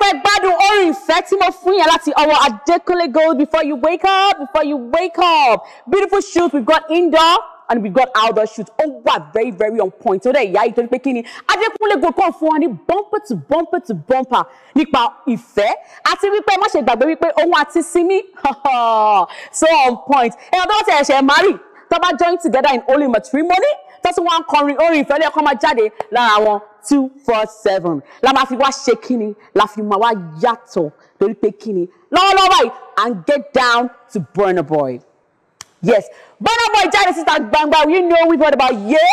pé gbádùn orin ìfẹ́ tí mo fún yẹn láti ọwọ́ Adékúnlé Gold before you wake up before you wake up beautiful shoot we got indoor and we got outdoor shoot ó wà very very on point ó dẹ̀ ìyá yìí torí pé kí ni Adékúnlé Gold kàn fún wa ní bumper to bumper to bumper nípa ìfẹ́ àti wípé má ṣe gbàgbé wípé òun àti Simi so on point èèyàn tó wọ́n ti ẹ̀ṣẹ̀ marry To bá join together in holy matrimony tó sì wọ́n ń kọrin orin ìfẹ́ lẹ́ẹ̀kan máa jáde lára wọn two four seven la máa fi wá ṣe kíni la fi máa wá yàtọ̀ lórí pé kíni lọ́wọ́lọ́wọ́ báyìí and get down to Burna Boy yes Burna Boy jáde síta gbangba you know we've heard about yeah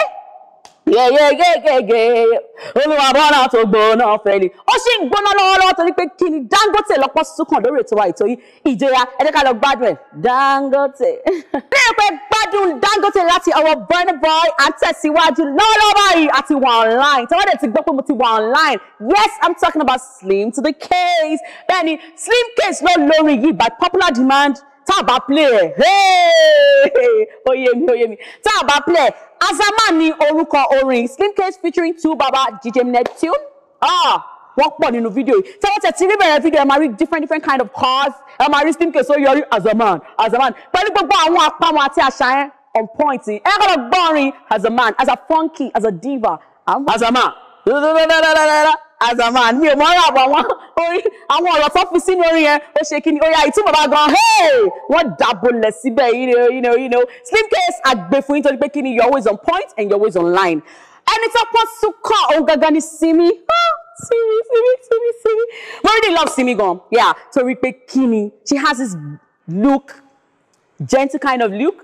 yẹ̀yẹ̀yẹ̀yẹ̀ olúwa bọ́ra tó gbóná fẹ́ ni ó sì ń gbóná lọ́wọ́lọ́wọ́ torí pé kí ni Dangote lọ́pọ̀ súnkàn lórí ètò wa ìtòyí ìjẹra ẹ jẹ́ ká lọ gbádùn ẹ̀ Dangote. bẹ́ẹ̀ pé gbádùn Dangote láti ọwọ́ Burna Boy àtẹ̀síwájú lọ́wọ́lọ́wọ́ báyìí àti wà online tí wọ́n dẹ̀ ti gbọ́ pé mo ti wà online yes i'm talking about Slim to the case bẹ́ẹ̀ ni Slim case ló lórí yìí by popular demand tá a bá play ẹ̀ oyè mi oyè mi tá a bá play ẹ̀ azama ni orúkọ orin case featuring two baba DJ Neptune ah! wọ́n pọ̀ nínú fídíò yìí tí wọ́n tẹ̀ tí rí bẹ̀rẹ̀ fídíò ẹ̀ máa rí different different kind of cars ẹ̀ máa rí Slimcase ó yọrí azaman azaman pẹ̀lú gbogbo àwọn apáwọn àti àṣà yẹn on point ẹ̀ kọ́ lọ gbọ́ orin azaman as a funky as a diva. azaman azaman mi ò mọ̀ ọ́rọ̀ àbọ̀ wọn orin àwọn ọ̀rọ̀ tó fi sínú orin yẹn ó ṣe kí ni orin àìtú bàbá gan wọ́n dàbọ̀lẹ̀ síbẹ̀ you know you know you know Slimcase àgbẹ̀fún yín torí pé kí ni you're always on point and you're always online ẹni tó pọ́n súnkàn òun gangan ni Simi ah, Simi Simi Simi Simi we really love Simi gan yeah torí pé kí ni she has this look gentle kind of look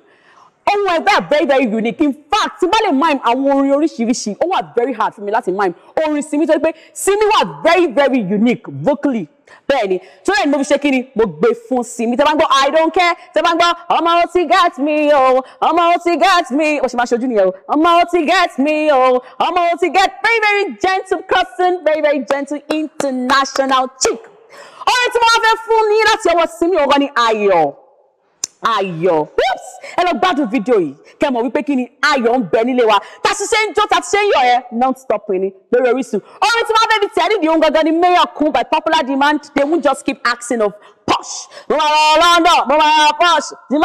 ohun ẹgbẹ́ are very very unique in fact tí bá lè mime àwọn orin oríṣiríṣi ó wà very hard fún mi láti mime orin Simi tó pé Simi wà very very unique vocally bẹ́ẹ̀ ni tó yẹ ni mo fi ṣe kí ni mo gbé fún Simi tẹ́ bá ń gbọ́ I don't care tẹ́ bá ń gbọ́ ọmọ o ti get me o ọmọ o ti get me o ṣe máa ṣojú nìyẹn o ọmọ o ti get me o ọmọ o ti get very very gentle cousin very very gentle international chick orin tí mo wá fẹ́ fún ní láti ọwọ́ Simi ọgọ́ ni ayọ̀ ayọ̀ ẹ lọ gbádùn fídíò yìí kẹ́ mọ̀ wípé kí ni ayọ̀ ń bẹ nílé wa tá a ti ṣe ń jó tá a ṣe ń yọ̀ ẹ́ non stop ni lórí Orísun orin tí wọ́n fẹ́ fi tẹ̀lé ìdí ohun gangan ni mayor kun by popular demand they won't just keep asking of posh mo máa lọ London mo máa lọ posh mo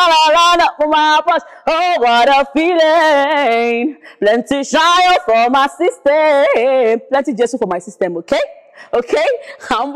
máa posh oh what a feeling plenty shayo for my system plenty jesu for my system okay okay à ń